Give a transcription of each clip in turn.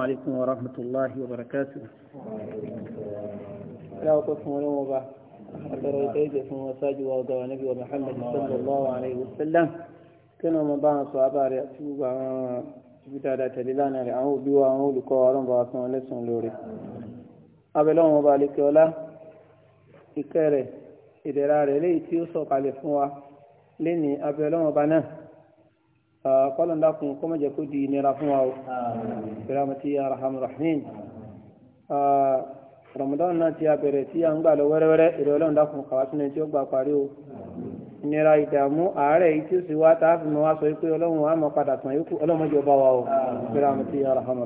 عليكم ورحمة الله وبركاته لا وقف ولا وبا أترى تيجي في مساجد وضع نبي ومحمد صلى الله عليه وسلم كانوا مبانا صعبا رأسوا بتادا تليلانا رأوا بيوا أنه لكوارن بأسنا لسن لوري أبلون مبالك ولا إكاري إدرار لي تيوسو قال فوا لني أبلون مبانا kọ́lọ̀ ńlá kun kó má jẹ́ kó di ìnira fún wa o ìrámọ́tí arahamu rahman ramadan náà ti abẹ̀rẹ̀ tí a ń gbà lọ wẹ́rẹ́wẹ́rẹ́ ìrọ̀lẹ́ ńlá kun kàwá sínú tí ó gbà parí o ìnira ìdààmú àárẹ̀ yìí tí ó sì wá tá a fi mọ́ wá sọ pé ọlọ́run á mọ̀ padà tàn yókù ọlọ́run bá wa o ìrámọ́tí arahamu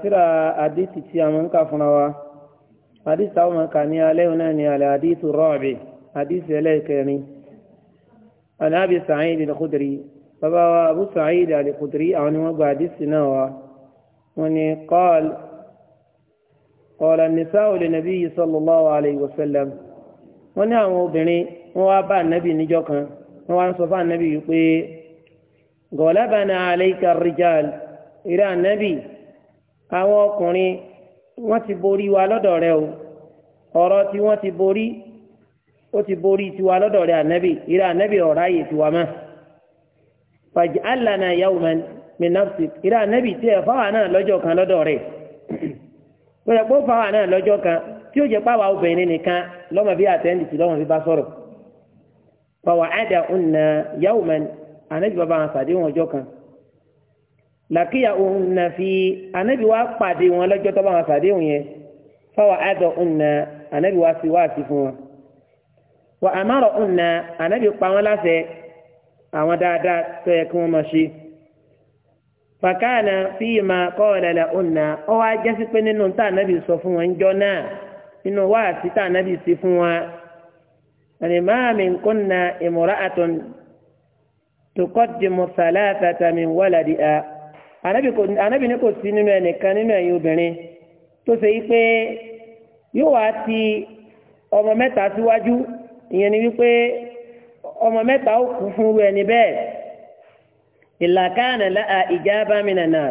tíra àdìsí tí a máa ń kà fúnra wa àdìsí táwọn kà ní alẹ́ عن أبي سعيد الخدري فبوا أبو سعيد الخدري عن مبعد السنوة وني قال قال النساء للنبي صلى الله عليه وسلم وني أمو بني وابا النبي نجوكا وأن صفى النبي يقول غلبنا عليك الرجال إلى النبي أو أكوني wọ́n ti borí wa lọ́dọ̀ rẹ o ọ̀rọ̀ tí wọ́n ti borí ó ti borí tiwa lọ́dọ̀ rẹ̀ ànábì ìrẹ̀ ànábì ọ̀rá yìí tiwa mọ́ faj'al lana yawman min nafsik ìrẹ̀ ànábì tiẹ̀ fáwọn náà lọ́jọ́ kan lọ́dọ̀ rẹ̀ bẹ́ẹ̀ kó fáwọn náà lọ́jọ́ kan tí ó jẹ́ pàwọ́ obìnrin nìkan lọ́mọ bí àtẹ́ǹdì tí lọ́mọ bí bá sọ̀rọ̀ fàwọn àdà ònà yawman ànábì bàbá wọn pàdé wọn ọjọ́ kan làkìyà ònà fi ànábì wa pàdé wọn lọ́jọ́ tó bá wọn pàdé wọn yẹn fàwọn àdà ònà ànábì wa fi wá sí fún wọn wa àmàrọ̀ ọ̀nà ànábì pa wọ́n láṣẹ àwọn dáadáa tó yẹ kí wọ́n máa ṣe. fàkànà fíìmà kọ́ọ̀lẹ̀lẹ̀ ọ̀nà ọ wá jẹ́sí pé nínú tá ànábì sọ fún wọn jọ náà nínú wáàsí tá ànábì sí fún wọn. àlìmáàmì kùnà ìmọ̀ra àtọ̀n tukọ́dìmọ̀ sàlátàtàmì wàlàdì à. ànábì ní kò sí nínú ẹnìkan nínú ẹ̀yin obìnrin tó ṣe yí pé yóò wá ti ọmọ Si ìyẹn ni wípé ọmọ mẹ́ta ó kú fún irú ẹni bẹ́ẹ̀ ìlàkánà ìjà bá mi nànà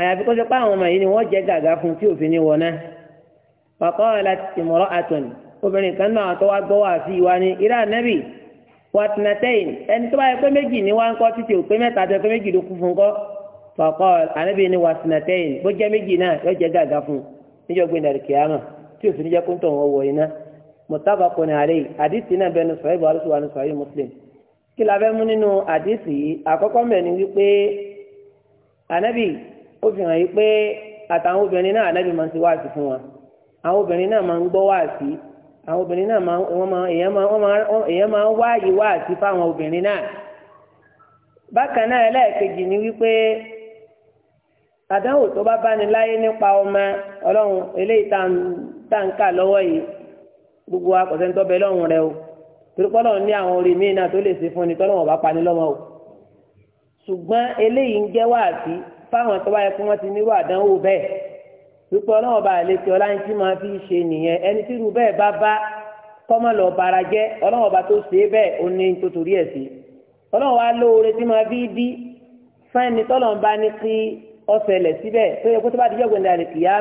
àyàfi kó ṣe pé àwọn ọmọ yìí ni wọ́n jẹ́ gàgà fún tí òfin ni wọ̀nà pàpọ̀ ìmọ̀ràn àtọ̀n obìnrin kan náà tó wá gbọ́ wá sí wa ní irá nẹ́bì wàtúnátẹ́yìn ẹni tó bá yẹ pé méjì ní wá ń títí ò pé tó yẹ pé méjì ló kú fún kọ́ pàpọ̀ ànábì ni wàtúnátẹ́yìn bó jẹ́ méjì náà yóò jẹ́ gàgà fún níjọ́ gbé mutabakun alayhi àdìsí náà na sọ̀rọ̀ ìbò àlùsùn àlùsùn àyè muslim kí la fẹ́ mú nínú àdìsí yìí àkọ́kọ́ ni wípé anabi ó fi hàn yìí pé àtàwọn obìnrin náà máa ń ti wáàsí fún wọn àwọn obìnrin náà máa ń gbọ́ wáàsí àwọn obìnrin náà máa èèyàn máa ń wáàyè wáàsí fáwọn obìnrin náà bákan náà ẹlẹ́ẹ̀kejì ni wípé àdánwò tó bá bá láyé nípa gbogbo akọ̀sẹ́ntọ́ bẹ lọ́rùn rẹ o torípọ́lọ́ ní àwọn orí míì náà tó lè ṣe fún ni tọ́lọ́wọ́n bá pa ní lọ́mọ o ṣùgbọ́n eléyìí ń jẹ́ wáàtí fáwọn tó bá yẹ kí wọ́n ti nírú àdánwò bẹ́ẹ̀ wípé ọlọ́wọ́n bá lè fi ọláńtí máa fi ṣe nìyẹn ẹni tí irú bẹ́ẹ̀ bá bá kọ́mọ lọ bara jẹ́ ọlọ́wọ́n bá tó ṣe bẹ́ẹ̀ ó ní tó torí ẹ̀ sí ọlọ́wọ́n wá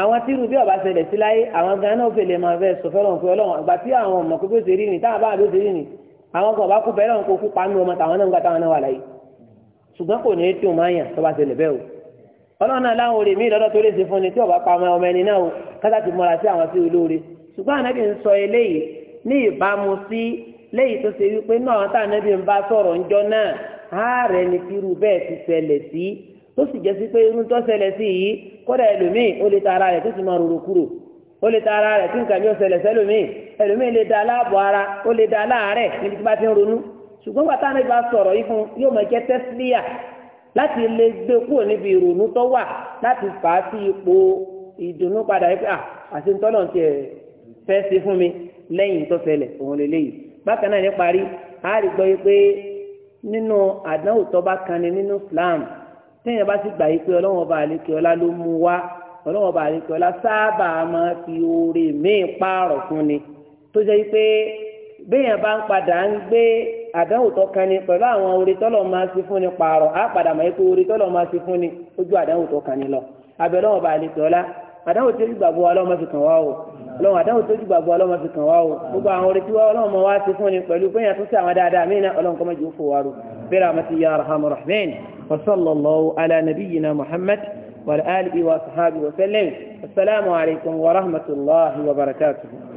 àwọn tírù bí ọba ṣẹlẹ̀ sí láyé àwọn gan náà fèlè máa fẹ́ sọ fẹ́ràn fún ọlọ́run àgbà tí àwọn ọmọ kókó ṣe rí ni táwọn bá àdó ṣe rí ni àwọn kan ọba kú bẹ́ẹ̀ lọ́run kó kú pa nínú ọmọ táwọn náà ń gbà táwọn náà wà láyé ṣùgbọ́n kò ní tí o máa yàn tó bá ṣẹlẹ̀ bẹ́ẹ̀ o ọlọ́run náà láwọn orí mi lọ́dọ̀ tó lè ṣe fún ni tí ọba pa ọmọ ẹni náà o ni tírú bẹ́ẹ̀ ti tó sì jẹ́ sí pé irun tó ṣẹlẹ̀ sí yìí kódà ẹlòmíì ó lè ta ara rẹ̀ tó sì máa rorò kúrò ó lè ta ara rẹ̀ tí nǹkan yóò ṣẹlẹ̀ sẹ́lòmíì ẹlòmíì lè da aláàbọ̀ ara ó lè da aláàárẹ̀ níbi tí bá ti ń ronú ṣùgbọ́n bàtà náà bá sọ̀rọ̀ yìí fún yóò máa jẹ́ tẹ́sílíà láti lè gbé kúrò níbi ìrònú tó wà láti fà á sí ipò ìdùnnú padà yìí pé à àti ntọ́lọ̀ ti fẹ́ ṣe fún mi lẹ́yìn tó ṣẹlẹ̀ òun lè léyìí bákan náà ní parí a rí gbọ́ yìí pé nínú àdánwò tó bá kan ni nínú Islam téèyàn bá sì gbà yí pé ọlọ́wọ́n bá àlékè ọlá ló mú wá ọlọ́wọ́n bá àlékè ọlá sábà máa fi oore míì pààrọ̀ fún ni tó jẹ́ yí pé béèyàn bá ń padà ń gbé àdánwò tó kan ni pẹ̀lú àwọn oore tọ́lọ̀ máa fi fún ni pààrọ̀ á padà mọ̀ yí pé oore tọ́lọ̀ máa fi fún ni ojú àdánwò tó kan ni lọ abẹ́ ọlọ́wọ́n bá àlékè ọlá àdánwò tó gbàgbọ́ ọlọ́mọ fi kàn wá o lọ́wọ́ àdánwò tó gbàgbọ́ ọlọ́mọ fi kàn wá o gbogbo àwọn orin tí ọlọ́mọ wá ti fún ni pẹ̀lú pé yẹn tó sí àwọn dáadáa mí náà ọlọ́mọ kọ́mọ́jú fò wá rò bẹ́ẹ̀ rà mọ́tí yára hàmúrà bẹ́ẹ̀ ni. وصلى الله على نبينا محمد وعلى آله وصحابه وسلم السلام عليكم ورحمة الله وبركاته